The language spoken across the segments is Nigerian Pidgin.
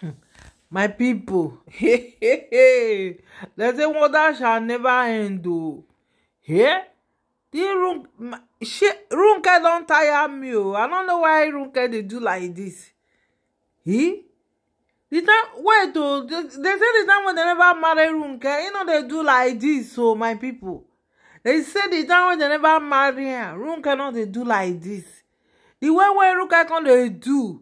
my people, hey hey hey dem say wonder shall never end o yeah? The eh she runke don tire me o oh. i don't know why runke dey do like this. He? the time wait o they say the time when they never marry runke You know they do like dis o my people. they say the time when they never marry am runke no dey do like this. the way wey runke come dey do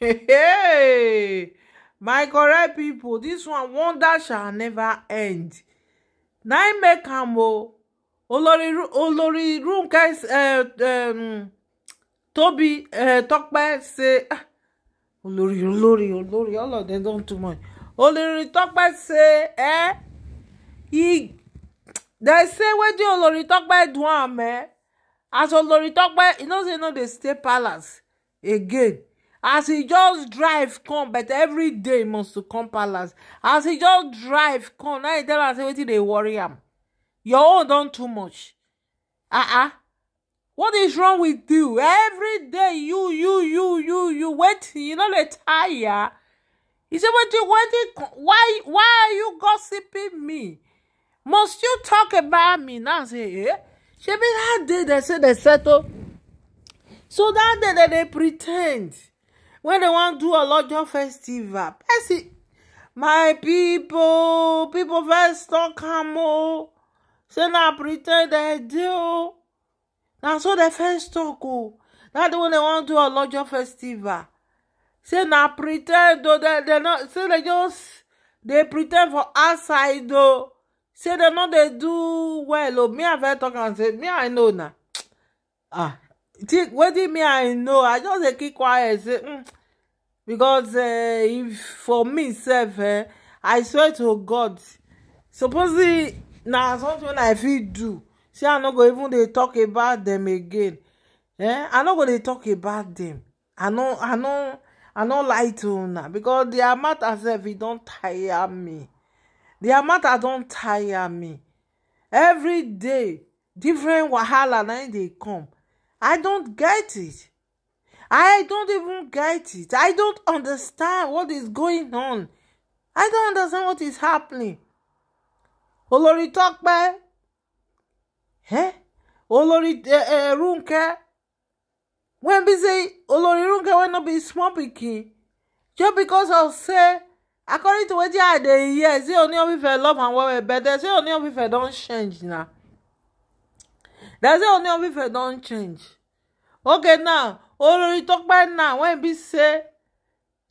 hey hey my correct people! This one wonder shall never end na im make am o olori eh, tobi eh, tope say ah, olori olori olori all of dem don too much olori tope say eh He dem say wetin olori tope do am eh as olori tope e know say e no dey stay palace again as he just drive come but every day must to come palace as he just drive come now he tell us, say wetin dey worry him? your own done too much uh-uh what is wrong with you every day you you you you you wait. you no dey tire he say you wetin why why are you gossiping me must you talk about me now say eh mean that day they say they settle so that day they dey when they want do a of festival. Percy, my people, people first talk come oh. Say na pretend they do. Now so they first talk oh. Now they want do a festival. Say na pretend though they not say they just they pretend for outside Say they know they do well oh. I and me I know now. Ah, wetin me i know i just dey keep quiet say mm, because uh, if for me sef eh, i swear to god supposedly na something i fit do say i no go even dey talk about dem again eh i no go dey talk about dem i no i no i no lie to una because their matter sef e don tire me their matter don tire me every day different wahala na dey come I don't get it. I don't even get it. I don't understand what is going on. I don't understand what is happening. Olórí Tọ́pẹ́ eh? Olórí eh, eh, runke. when be say Olórí runke, wey not be small pikin just because of say according to what wetin I dey hear say only of Ife love and well well better say only of Ife don't change now that's why Ooni of don change okay now Olori Tope now when be say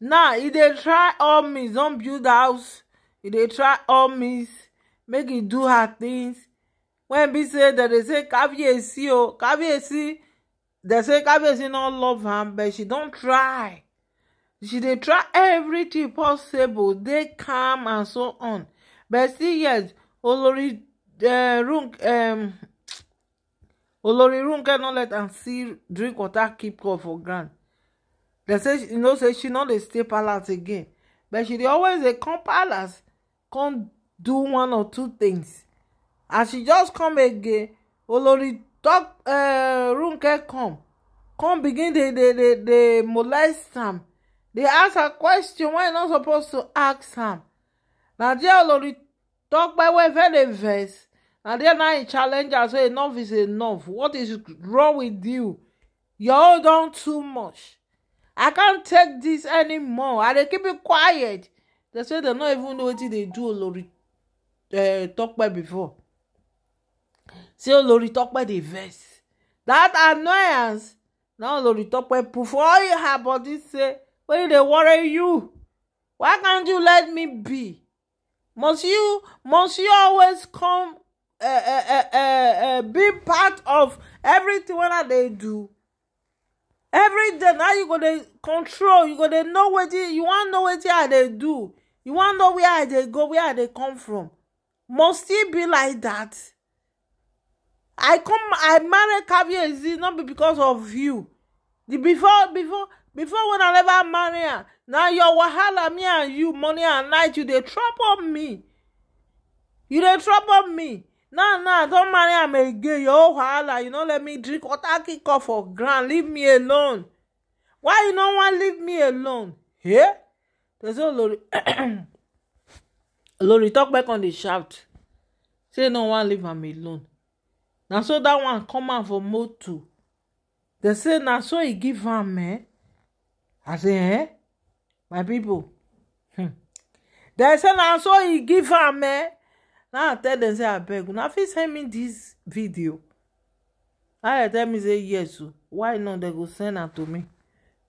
now e dey try all means don build house e dey try all means make e do her things when be say dem dey say Kabiyesi o Kabiyesi dem say Kabiyesi no love am but she don try she dey try everything possible dey calm and so on but still yet Olori uh, eh, Ronke um, olori runke no let and see drink water keep cup for grand. They say you know say she not dey stay palace again but she dey always dey come palace come do one or two things and she just come again olori tok eh, runke come come begin the the the the molest them. They ask her question why e no suppose to ask them. na there olori talk by way vex dey vex and then now he challenge am say enough is enough what is wrong with you you hold on too much i can't take this anymore And they keep it quiet they say they no even know what they do olori uh, eh, by before say talk by the verse. that annoyance na olori tope put for all her body say wetin they worry you why can't you let me be must you must you always come uh, uh, uh, uh, be part of everything wey they do every day now you go dey control you go dey know wetin you wan know wetin i dey do you wan know where i dey go where i dey come from must e be like that i come i marry kabiyesi no be because of you the before before before when i never marry am na your wahala me and you morning and night you dey trouble me you dey trouble me now now don marry am again your whole wahala you no let me drink water kick off for ground leave me alone why you no wan leave me alone eh dey say olori olori talk back on the shout. say no wan leave am alone na so that one come out for motor dey say na so he give am eh i say eh my people. hmm. say na so he give am eh now i tell them say I abeg una fit send me this video I tell me say yes oh, why not they go send am to me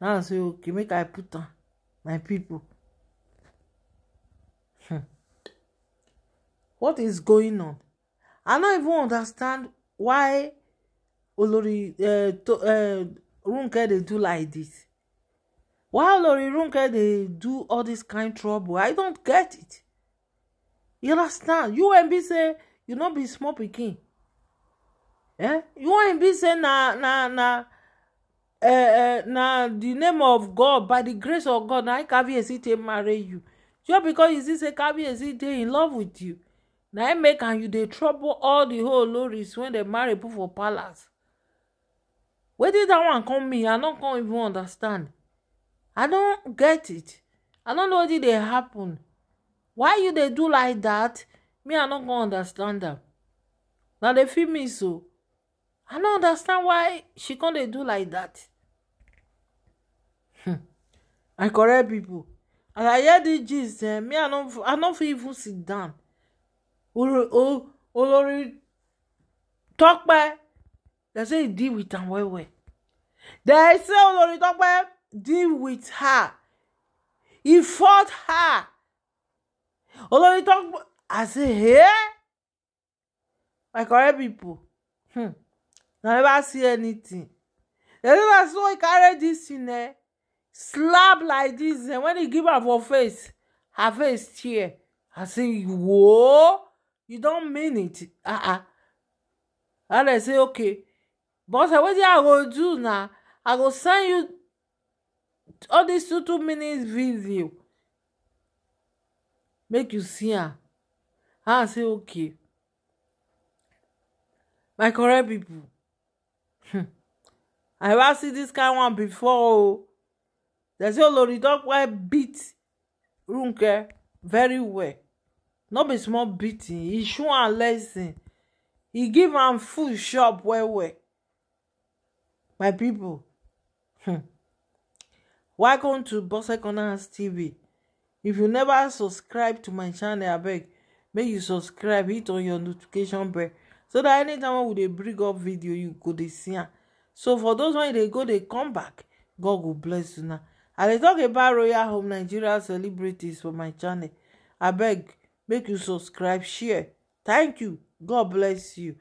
now i say okay make i put am my people. Hmm. what is going on i don't even understand why olori eh, eh, runke they do like this. why olori runke they do all this kind trouble i don't get it you understand You and umb say you no be small pikin eh You and umb say na na na uh, na the name of god by the grace of god na kabiyesi take marry you just because you see say kabiyesi dey in love with you na im make am you dey trouble all the whole lorries wey dem marry put for palace wetin dat one come mean i no come even understand i don get it i no know wetin dey happen why you dey do like that? me i no go understand am na dey fit me so i no understand why she con dey do like that. hmm i correct pipo as i hear dis gist eh me i no fit even sit down olori tope dem say e deal with am well well dem say olori tope deal with her He fought her olórí tó talk, I àti hẹ́ẹ́ my correct people hmm. na never see anything the reason so he carry this thing eh, slap like this eh, when he give am for face her face tear i say whoa you don mean it ah ah and i say okay but wetin i go do na i go send you all these two two minutes video make you see am i say okay my correct people, hmm. i never see this kind one before o oh. dem say oloridope beat runke very well no be small beating He show am lesson He give am full shop well well my people, hmm welcome to boss corners tv if you never subscribe to my channel abeg make you subscribe hit on your notification bell so that anytime we dey bring up video you go dey see am so for those one dey go dey come back god go bless you now i dey talk about royal home nigeria celebrities for my channel abeg make you subscribe share thank you god bless you